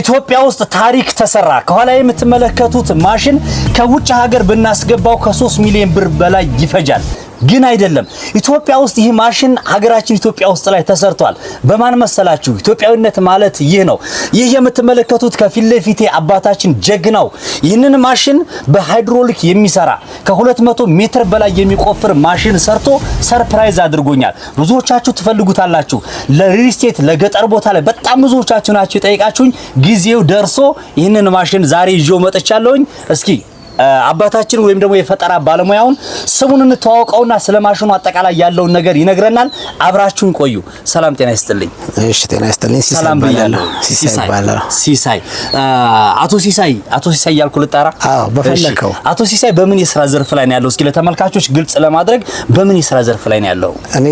ኢትዮጵያ ውስጥ ታሪክ ተሰራ። ከኋላ የምትመለከቱት ማሽን ከውጭ ሀገር ብናስገባው ከ ከ3 ሚሊዮን ብር በላይ ይፈጃል። ግን አይደለም። ኢትዮጵያ ውስጥ ይህ ማሽን ሀገራችን ኢትዮጵያ ውስጥ ላይ ተሰርቷል። በማን መሰላችሁ? ኢትዮጵያዊነት ማለት ይህ ነው። ይህ የምትመለከቱት ከፊት ለፊቴ አባታችን ጀግናው ይህንን ማሽን በሃይድሮሊክ የሚሰራ ከ200 ሜትር በላይ የሚቆፍር ማሽን ሰርቶ ሰርፕራይዝ አድርጎኛል። ብዙዎቻችሁ ትፈልጉታላችሁ። ለሪልስቴት ለገጠር ቦታ ላይ በጣም ብዙዎቻችሁ ናችሁ የጠየቃችሁኝ። ጊዜው ደርሶ ይህንን ማሽን ዛሬ ይዤው መጥቻለሁኝ። እስኪ አባታችን ወይም ደግሞ የፈጠራ ባለሙያውን ስሙን እንተዋውቀውና ስለ ማሽኑ አጠቃላይ ያለውን ነገር ይነግረናል። አብራችሁን ቆዩ። ሰላም ጤና ይስጥልኝ። እሺ ጤና ይስጥልኝ። ሲሳይ ብያለሁ። ሲሳይ ሲሳይ፣ አቶ ሲሳይ፣ አቶ ሲሳይ ያልኩ ልጣራ? አዎ በፈለከው። አቶ ሲሳይ በምን የስራ ዘርፍ ላይ ነው ያለው? እስኪ ለተመልካቾች ግልጽ ለማድረግ በምን የስራ ዘርፍ ላይ ነው ያለው? እኔ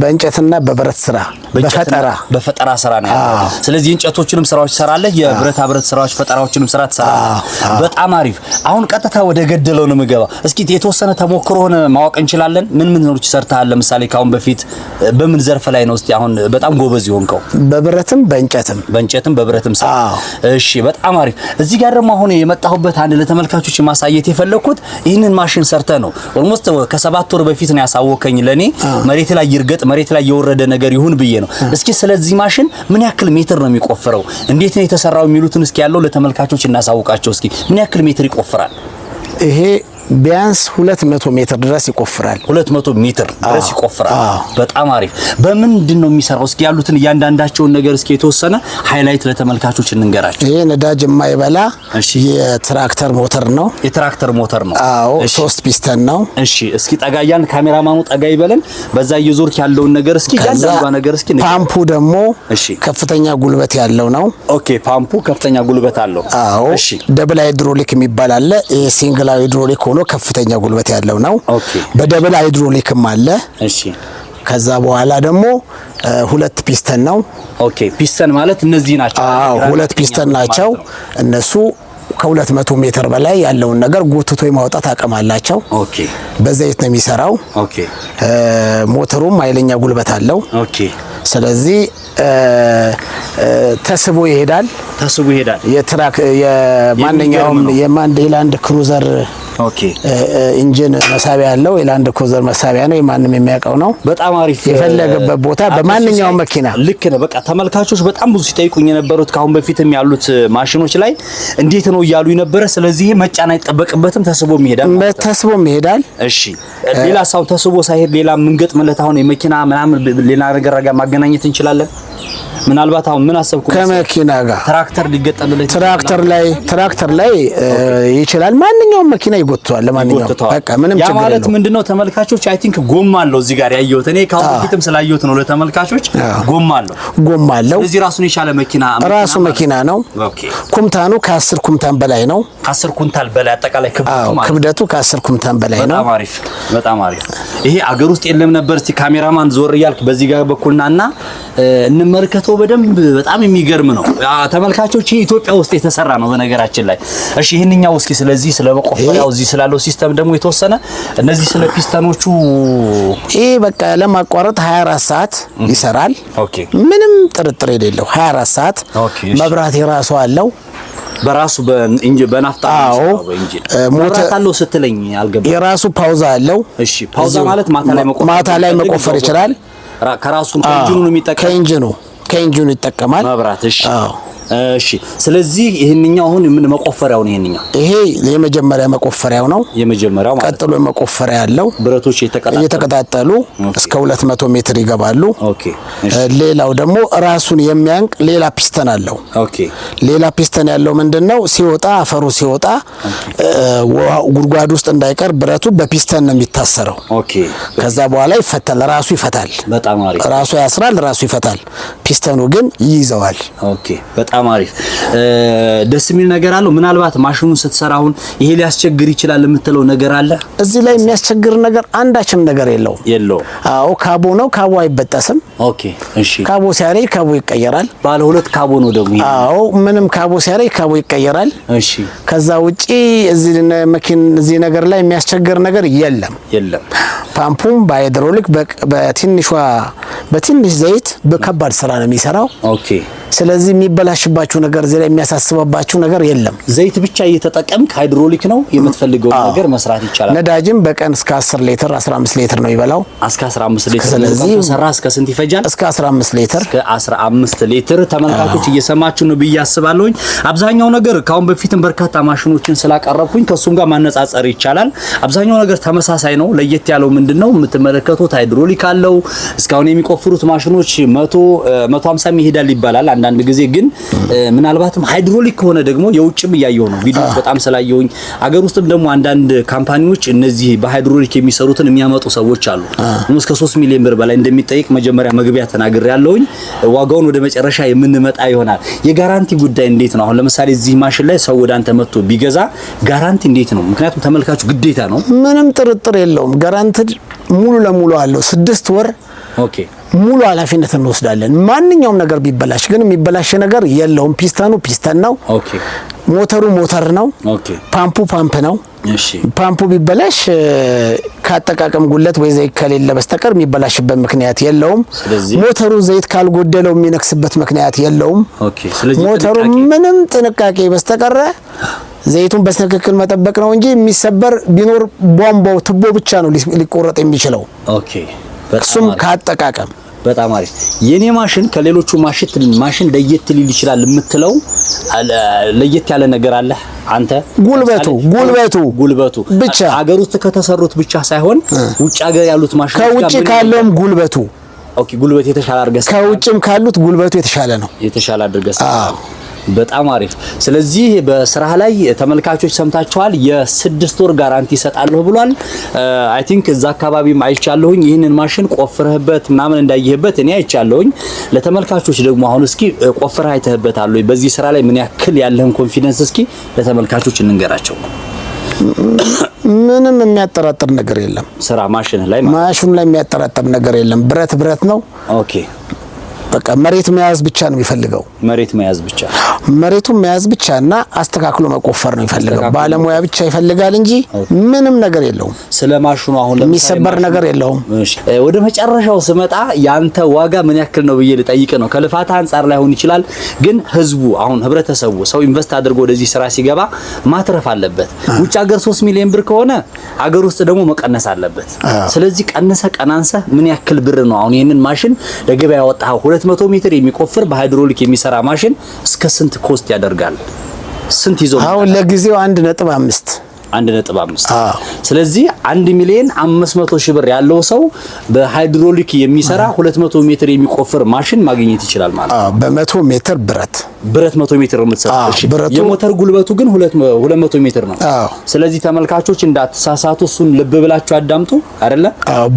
በእንጨትና በብረት ስራ በፈጠራ በፈጠራ ስራ ነው ያለው። ስለዚህ እንጨቶችንም ስራዎች ትሰራለህ፣ የብረታ ብረት ስራዎች ፈጠራዎችንም ስራ ትሰራለህ። በጣም አሪፍ አሁን ቀጥታ ወደ ገደለው ነው የምገባው። እስኪ የተወሰነ ተሞክሮ ሆነ ማወቅ እንችላለን? ምን ምን ኖሮች ሰርተሃል? ለምሳሌ ካሁን በፊት በምን ዘርፍ ላይ ነው እስቲ አሁን በጣም ጎበዝ ይሆንከው? በብረትም በእንጨትም በእንጨትም በብረትም ሰ እሺ፣ በጣም አሪፍ። እዚህ ጋር ደግሞ አሁን የመጣሁበት አንድ ለተመልካቾች ማሳየት የፈለኩት ይህንን ማሽን ሰርተ ነው። ኦልሞስት ከሰባት ወር በፊት ነው ያሳወከኝ ለኔ መሬት ላይ ይርገጥ መሬት ላይ የወረደ ነገር ይሁን ብዬ ነው። እስኪ ስለዚህ ማሽን ምን ያክል ሜትር ነው የሚቆፍረው፣ እንዴት ነው የተሰራው የሚሉትን እስኪ ያለው ለተመልካቾች እናሳውቃቸው። እስኪ ምን ያክል ሜትር ይቆፍራል? ይሄ ቢያንስ 200 ሜትር ድረስ ይቆፍራል። 200 ሜትር ድረስ ይቆፍራል። በጣም አሪፍ። በምንድን ነው የሚሰራው? እስኪ ያሉትን እያንዳንዳቸውን ነገር እስኪ የተወሰነ ሃይላይት ለተመልካቾች እንንገራቸው። ይሄ ነዳጅ የማይበላ የትራክተር ሞተር ነው። የትራክተር ሞተር ነው። አዎ፣ ሶስት ፒስተን ነው። እሺ፣ እስኪ ጠጋያን ካሜራማኑ ጠጋ ይበለን። በዛ እየዞርክ ያለውን ነገር እስኪ ያንዳንዷ ነገር እስኪ። ፓምፑ ደግሞ ከፍተኛ ጉልበት ያለው ነው። ኦኬ፣ ፓምፑ ከፍተኛ ጉልበት አለው። አዎ፣ እሺ። ደብል ሃይድሮሊክ የሚባል አለ። ይሄ ሲንግል ሃይድሮሊክ ሆኖ ከፍተኛ ጉልበት ያለው ነው። በደብል ሃይድሮሊክም አለ። እሺ ከዛ በኋላ ደግሞ ሁለት ፒስተን ነው። ኦኬ ፒስተን ማለት እነዚህ ናቸው። አዎ ሁለት ፒስተን ናቸው እነሱ ከ መቶ ሜትር በላይ ያለውን ነገር ጎትቶ የማውጣት አቅም አላቸው። ኦኬ በዘይት ነው የሚሰራው። ኦኬ ሞተሩም ኃይለኛ ጉልበት አለው። ኦኬ ስለዚህ ተስቦ ይሄዳል። ተስቦ ይሄዳል። የትራክ የማንኛውም የማንዴላንድ ክሩዘር ኢንጂን መሳቢያ ያለው የላንድ ኮዘር መሳቢያ ነው። የማንም የሚያውቀው ነው። በጣም አሪፍ የፈለገበት ቦታ በማንኛውም መኪና ልክ ነው። በቃ ተመልካቾች በጣም ብዙ ሲጠይቁኝ የነበሩት ከአሁን በፊትም ያሉት ማሽኖች ላይ እንዴት ነው እያሉ ነበረ። ስለዚህ መጫን አይጠበቅበትም፣ ተስቦ ይሄዳል፣ ተስቦ ይሄዳል። እሺ ሌላ ሰው ተስቦ ሳይሄድ ሌላ ምለት አሁን የመኪና ምናምን ሌላ ነገር ጋር ማገናኘት እንችላለን። ምናልባት አሁን ምን አሰብኩ ከመኪና ጋር ትራክተር ሊገጠምልህ ትራክተር ላይ ትራክተር ላይ ይችላል። ማንኛውም መኪና ይጎትተዋል። ለማንኛውም በቃ ምንም ችግር የለውም። ያ ማለት ምንድነው ተመልካቾች፣ አይ ቲንክ ጎማ አለው እዚህ ጋር ያየሁት እኔ ካሁን ፊትም ስላየሁት ነው ለተመልካቾች። ጎማ አለው ጎማ አለው። እዚህ ራሱን የቻለ መኪና ራሱ መኪና ነው። ኦኬ ኩምታኑ ከ10 ኩምታን በላይ ነው። ከ ከ10 ኩንታል በላይ አጠቃላይ ክብደቱ ማለት ነው። ክብደቱ ከ10 ኩምታን በላይ ነው። በጣም አሪፍ በጣም አሪፍ። ይሄ አገር ውስጥ የለም ነበር። እስቲ ካሜራማን ዞር እያልክ በዚህ ጋር በኩልና እና እንመልከተው በደንብ በጣም የሚገርም ነው ተመልካቾች። ኢትዮጵያ ውስጥ የተሰራ ነው በነገራችን ላይ እሺ። ይህንኛው እስኪ ስለዚህ ስለ መቆፈሪያው እዚህ ስላለው ሲስተም ደግሞ የተወሰነ እነዚህ ስለ ፒስተኖቹ ይሄ በቃ ለማቋረጥ 24 ሰዓት ይሰራል። ኦኬ፣ ምንም ጥርጥር የሌለው 24 ሰዓት። መብራት የራሱ አለው በራሱ በናፍጣ ሞተር አለው ስትለኝ አልገባም። የራሱ ፓውዛ አለው። እሺ፣ ፓውዛ ማለት ማታ ላይ መቆፈር ይችላል። ከራሱ ከኢንጂኑ ነው የሚጠቀም ከኢንጂኑ ከኢንጂኑ ይጠቀማል መብራት። እሺ። አዎ እሺ ስለዚህ ይሄንኛው አሁን ምን መቆፈሪያው ነው? ይሄንኛው ይሄ የመጀመሪያ መቆፈሪያው ነው። የመጀመሪያው ማለት ቀጥሎ መቆፈሪያ ያለው ብረቶች እየተቀጣጠሉ እስከ 200 ሜትር ይገባሉ። ኦኬ። ሌላው ደግሞ ራሱን የሚያንቅ ሌላ ፒስተን አለው። ኦኬ። ሌላ ፒስተን ያለው ምንድነው? ሲወጣ አፈሩ ሲወጣ ጉድጓድ ውስጥ እንዳይቀር ብረቱ በፒስተን ነው የሚታሰረው። ኦኬ። ከዛ በኋላ ይፈታል፣ ራሱ ይፈታል። በጣም አሪፍ። ራሱ ያስራል፣ ራሱ ይፈታል። ፒስተኑ ግን ይይዘዋል። ኦኬ። በጣም አሪፍ ደስ የሚል ነገር አለው። ምናልባት ማሽኑን ስትሰራ አሁን ይሄ ሊያስቸግር ይችላል የምትለው ነገር አለ? እዚህ ላይ የሚያስቸግር ነገር አንዳችም ነገር የለው የለው አዎ ካቦ ነው። ካቦ አይበጠስም። ኦኬ፣ እሺ። ካቦ ሲያረጅ ካቦ ይቀየራል። ባለ ሁለት ካቦ ነው ደግሞ። አዎ፣ ምንም ካቦ ሲያረጅ ካቦ ይቀየራል። እሺ። ከዛ ውጪ እዚህ መኪን እዚህ ነገር ላይ የሚያስቸግር ነገር የለም፣ የለም። ፓምፑም በሃይድሮሊክ በትንሿ በትንሽ ዘይት በከባድ ስራ ነው የሚሰራው። ኦኬ። ስለዚህ የሚበላሽባችሁ ነገር እዚህ ላይ የሚያሳስበባችሁ ነገር የለም። ዘይት ብቻ እየተጠቀምክ ሃይድሮሊክ ነው የምትፈልገው ነገር መስራት ይቻላል። ነዳጅም በቀን እስከ 10 ሊትር 15 ሊትር ነው ይበላው። እስከ 15 ሊትር። ስለዚህ ሰራ እስከ ስንት ይፈጃል? እስከ 15 ሊትር። እስከ 15 ሊትር። ተመልካቾች እየሰማችሁ ነው ብዬ አስባለሁኝ። አብዛኛው ነገር ካሁን በፊትም በርካታ ማሽኖችን ስላቀረብኩኝ ከሱም ጋር ማነጻጸር ይቻላል። አብዛኛው ነገር ተመሳሳይ ነው። ለየት ያለው ምን ምንድነው የምትመለከቱት ሃይድሮሊክ አለው። እስካሁን የሚቆፍሩት ማሽኖች 100 150 ይሄዳል ይባላል። አንዳንድ ጊዜ ግን ምናልባትም ሃይድሮሊክ ከሆነ ደግሞ የውጭም እያየው ነው ቪዲዮ በጣም ስላየውኝ፣ አገር ውስጥም ደግሞ አንዳንድ ካምፓኒዎች እነዚህ በሃይድሮሊክ የሚሰሩትን የሚያመጡ ሰዎች አሉ። እስከ 3 ሚሊዮን ብር በላይ እንደሚጠይቅ መጀመሪያ መግቢያ ተናግሬ ያለውኝ ዋጋውን ወደ መጨረሻ የምንመጣ ይሆናል። የጋራንቲ ጉዳይ እንዴት ነው? አሁን ለምሳሌ እዚህ ማሽን ላይ ሰው ወደ አንተ መጥቶ ቢገዛ ጋራንቲ እንዴት ነው? ምክንያቱም ተመልካቹ ግዴታ ነው። ምንም ጥርጥር የለውም። ጋራንቲ ሙሉ ለሙሉ አለው። ስድስት ወር ሙሉ ኃላፊነት እንወስዳለን። ማንኛውም ነገር ቢበላሽ ግን የሚበላሽ ነገር የለውም። ፒስተኑ ፒስተን ነው፣ ሞተሩ ሞተር ነው፣ ፓምፑ ፓምፕ ነው። ፓምፑ ቢበላሽ ከአጠቃቀም ጉለት ወይ ዘይት ከሌለ በስተቀር የሚበላሽበት ምክንያት የለውም። ሞተሩ ዘይት ካልጎደለው የሚነክስበት ምክንያት የለውም። ሞተሩ ምንም ጥንቃቄ በስተቀረ ዘይቱን በትክክል መጠበቅ ነው እንጂ የሚሰበር ቢኖር ቧንቧው ቱቦ ብቻ ነው ሊቆረጥ የሚችለው። ኦኬ፣ እሱም ከአጠቃቀም በጣም አሪፍ። የኔ ማሽን ከሌሎቹ ማሽን ለየት ሊል ይችላል የምትለው ለየት ያለ ነገር አለ አንተ? ጉልበቱ ጉልበቱ ጉልበቱ ብቻ አገር ውስጥ ከተሰሩት ብቻ ሳይሆን ውጭ ሀገር ያሉት ማሽን ከውጭ ካለውም ጉልበቱ ኦኬ፣ ጉልበት የተሻለ አድርገስ ከውጭም ካሉት ጉልበቱ የተሻለ ነው። የተሻለ አድርገህ በጣም አሪፍ። ስለዚህ በስራ ላይ ተመልካቾች ሰምታችኋል፣ የስድስት ወር ጋራንቲ ይሰጣለሁ ብሏል። አይ ቲንክ እዛ አካባቢም አይቻለሁኝ። ይህንን ማሽን ቆፍረህበት ምናምን እንዳየህበት እኔ አይቻለሁኝ። ለተመልካቾች ደግሞ አሁን እስኪ ቆፍረህ አይተህበታል ወይ? በዚህ ስራ ላይ ምን ያክል ያለህን ኮንፊደንስ እስኪ ለተመልካቾች እንንገራቸው። ምንም የሚያጠራጥር ነገር የለም። ስራ ማሽን ላይ ማሽኑ ላይ የሚያጠራጥር ነገር የለም። ብረት ብረት ነው። ኦኬ በቃ መሬት መያዝ ብቻ ነው የሚፈልገው። መሬት መያዝ ብቻ መሬቱን መያዝ ብቻ እና አስተካክሎ መቆፈር ነው የሚፈልገው። ባለሙያ ብቻ ይፈልጋል እንጂ ምንም ነገር የለውም። ስለ ማሽኑ አሁን የሚሰበር ነገር የለውም። ወደ መጨረሻው ስመጣ ያንተ ዋጋ ምን ያክል ነው ብዬ ልጠይቅ ነው። ከልፋታ አንጻር ላይሆን ይችላል፣ ግን ህዝቡ አሁን ህብረተሰቡ ሰው ኢንቨስት አድርጎ ወደዚህ ስራ ሲገባ ማትረፍ አለበት። ውጭ ሀገር ሶስት ሚሊዮን ብር ከሆነ አገር ውስጥ ደግሞ መቀነስ አለበት። ስለዚህ ቀንሰ ቀናንሰ ምን ያክል ብር ነው አሁን ይህንን ማሽን ለገበያ ያወጣው ሁለት 200 ሜትር የሚቆፍር በሃይድሮሊክ የሚሰራ ማሽን እስከ ስንት ኮስት ያደርጋል? ስንት ይዞ አሁን ለጊዜው ነጥብ አምስት ስለዚህ አንድ ሚሊዮን መቶ ሺህ ብር ያለው ሰው በሃይድሮሊክ የሚሰራ መቶ ሜትር የሚቆፍር ማሽን ማግኘት ይችላል ማለት ነው በመቶ ሜትር ብረት ብረት መቶ ሜትር የምትሰራ የሞተር ጉልበቱ ግን መቶ ሜትር ነው። ስለዚህ ተመልካቾች እንዳትሳሳቱ፣ እሱን ልብ ብላችሁ አዳምጡ። አይደለ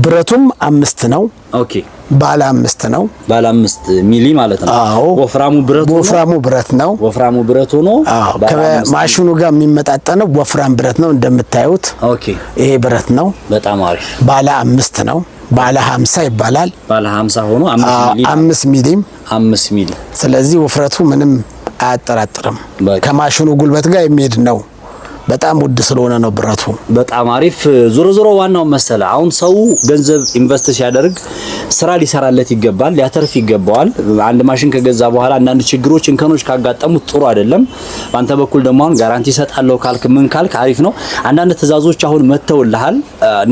ብረቱም አምስት ነው ኦኬ ባለ አምስት ነው። ባለ አምስት ሚሊ ማለት ነው። አዎ ወፍራሙ ብረት ነው። ወፍራሙ ብረት ነው። ወፍራሙ ብረት ሆኖ ከማሽኑ ጋር የሚመጣጠነው ወፍራም ብረት ነው እንደምታዩት። ኦኬ ይሄ ብረት ነው። በጣም አሪፍ ባለ አምስት ነው። ባለ 50 ይባላል። ባለ 50 ሆኖ 5 ሚሊ 5 ሚሊ። ስለዚህ ውፍረቱ ምንም አያጠራጥርም። ከማሽኑ ጉልበት ጋር የሚሄድ ነው። በጣም ውድ ስለሆነ ነው ብረቱ። በጣም አሪፍ። ዞሮ ዞሮ ዋናው መሰለ አሁን ሰው ገንዘብ ኢንቨስት ሲያደርግ ስራ ሊሰራለት ይገባል፣ ሊያተርፍ ይገባዋል። አንድ ማሽን ከገዛ በኋላ አንዳንድ ችግሮች፣ እንከኖች ካጋጠሙት ጥሩ አይደለም። በአንተ በኩል ደግሞ አሁን ጋራንቲ እሰጣለሁ ካልክ ምን ካልክ አሪፍ ነው። አንዳንድ ትዕዛዞች አሁን መተውልሃል፣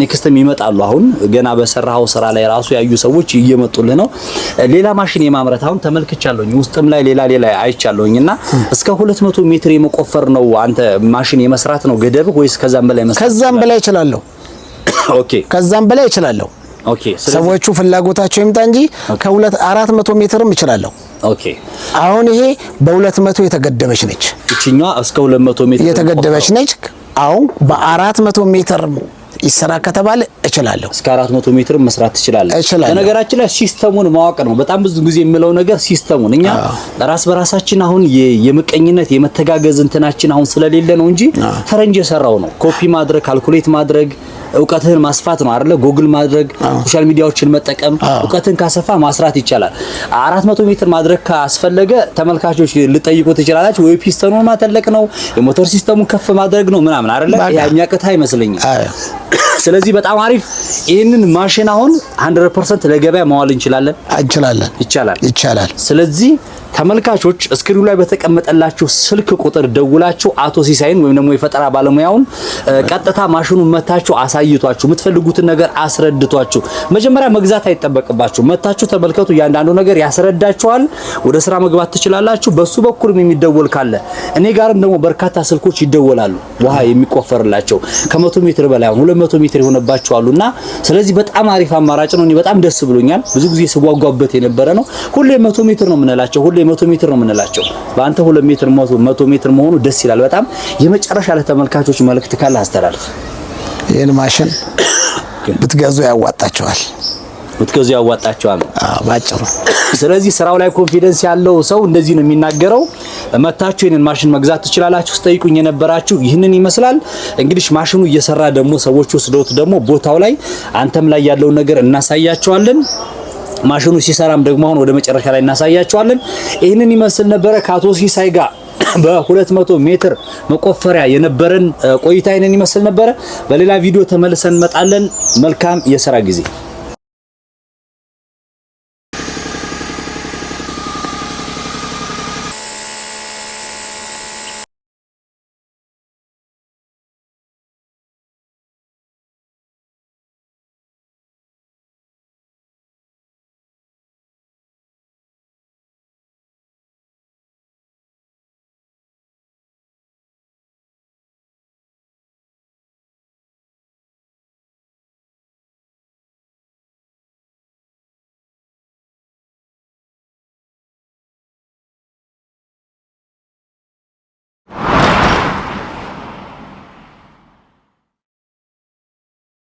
ኔክስትም ይመጣሉ። አሁን ገና በሰራው ስራ ላይ ራሱ ያዩ ሰዎች እየመጡልህ ነው። ሌላ ማሽን የማምረት አሁን ተመልክቻለሁኝ፣ ውስጥም ላይ ሌላ ሌላ አይቻለሁኝ እና እስከ 200 ሜትር የመቆፈር ነው አንተ ማሽን የመስ መስራት ነው ገደብ ወይስ ከዛም በላይ መስራት? ከዛም በላይ እችላለሁ። ኦኬ፣ ከዛም በላይ እችላለሁ። ኦኬ፣ ሰዎቹ ፍላጎታቸው ይምጣ እንጂ ከሁለት አራት መቶ ሜትርም እችላለሁ። ኦኬ፣ አሁን ይሄ በሁለት መቶ የተገደበች ነች። እቺኛዋ እስከ 200 ሜትር የተገደበች ነች። አሁን በአራት መቶ ሜትር ይሰራ ከተባለ እችላለሁ። እስከ 400 ሜትር መስራት ትችላለህ። በነገራችን ላይ ሲስተሙን ማወቅ ነው። በጣም ብዙ ጊዜ የምለው ነገር ሲስተሙን እኛ ራስ በራሳችን አሁን የምቀኝነት የመተጋገዝ እንትናችን አሁን ስለሌለ ነው እንጂ ፈረንጅ የሰራው ነው። ኮፒ ማድረግ፣ ካልኩሌት ማድረግ እውቀትህን ማስፋት ነው አይደለ? ጉግል ማድረግ፣ ሶሻል ሚዲያዎችን መጠቀም፣ እውቀትን ካሰፋ ማስራት ይቻላል። 400 ሜትር ማድረግ ካስፈለገ ተመልካቾች ልጠይቁት ትችላላችሁ ወይ ፒስተኑን ማተለቅ ነው የሞተር ሲስተሙን ከፍ ማድረግ ነው ምናምን አይደለ? ያ የሚያቅትህ አይመስለኝም። ስለዚህ በጣም አሪፍ። ይህንን ማሽን አሁን 100% ለገበያ ማዋል እንችላለን እንችላለን ይቻላል ይቻላል። ስለዚህ ተመልካቾች እስክሪኑ ላይ በተቀመጠላችሁ ስልክ ቁጥር ደውላችሁ አቶ ሲሳይን ወይም ደግሞ የፈጠራ ባለሙያውን ቀጥታ ማሽኑን መታችሁ አሳይቷችሁ የምትፈልጉትን ነገር አስረድቷችሁ መጀመሪያ መግዛት አይጠበቅባችሁ። መታችሁ ተመልከቱ። እያንዳንዱ ነገር ያስረዳችኋል። ወደ ስራ መግባት ትችላላችሁ። በሱ በኩልም የሚደወል ካለ እኔ ጋርም ደግሞ በርካታ ስልኮች ይደወላሉ። ውሃ የሚቆፈርላቸው ከመቶ ሜትር በላይ ሁለት መቶ ሜትር ሜትር የሆነባቸው አሉና፣ ስለዚህ በጣም አሪፍ አማራጭ ነው። እኔ በጣም ደስ ብሎኛል። ብዙ ጊዜ ስጓጓበት የነበረ ነው። ሁሌ መቶ ሜትር ነው የምንላቸው፣ ሁሌ 100 ሜትር ነው የምንላቸው። በአንተ ሁለት ሜትር 100 ሜትር መሆኑ ደስ ይላል በጣም። የመጨረሻ ለተመልካቾች መልእክት ካለ አስተላልፍ። ይህን ማሽን ብትገዙ ያዋጣቸዋል። ብትገዙ ያዋጣቸዋል ባጭሩ። ስለዚህ ስራው ላይ ኮንፊደንስ ያለው ሰው እንደዚህ ነው የሚናገረው። መታችሁ ይህንን ማሽን መግዛት ትችላላችሁ። ስጠይቁኝ የነበራችሁ ይህንን ይመስላል። እንግዲህ ማሽኑ እየሰራ ደግሞ ሰዎች ወስደውት ደግሞ ቦታው ላይ አንተም ላይ ያለውን ነገር እናሳያቸዋለን። ማሽኑ ሲሰራም ደግሞ አሁን ወደ መጨረሻ ላይ እናሳያቸዋለን። ይህንን ይመስል ነበረ ከአቶ ሲሳይ ጋር በ200 ሜትር መቆፈሪያ የነበረን ቆይታ ይህንን ይመስል ነበረ። በሌላ ቪዲዮ ተመልሰን እንመጣለን። መልካም የስራ ጊዜ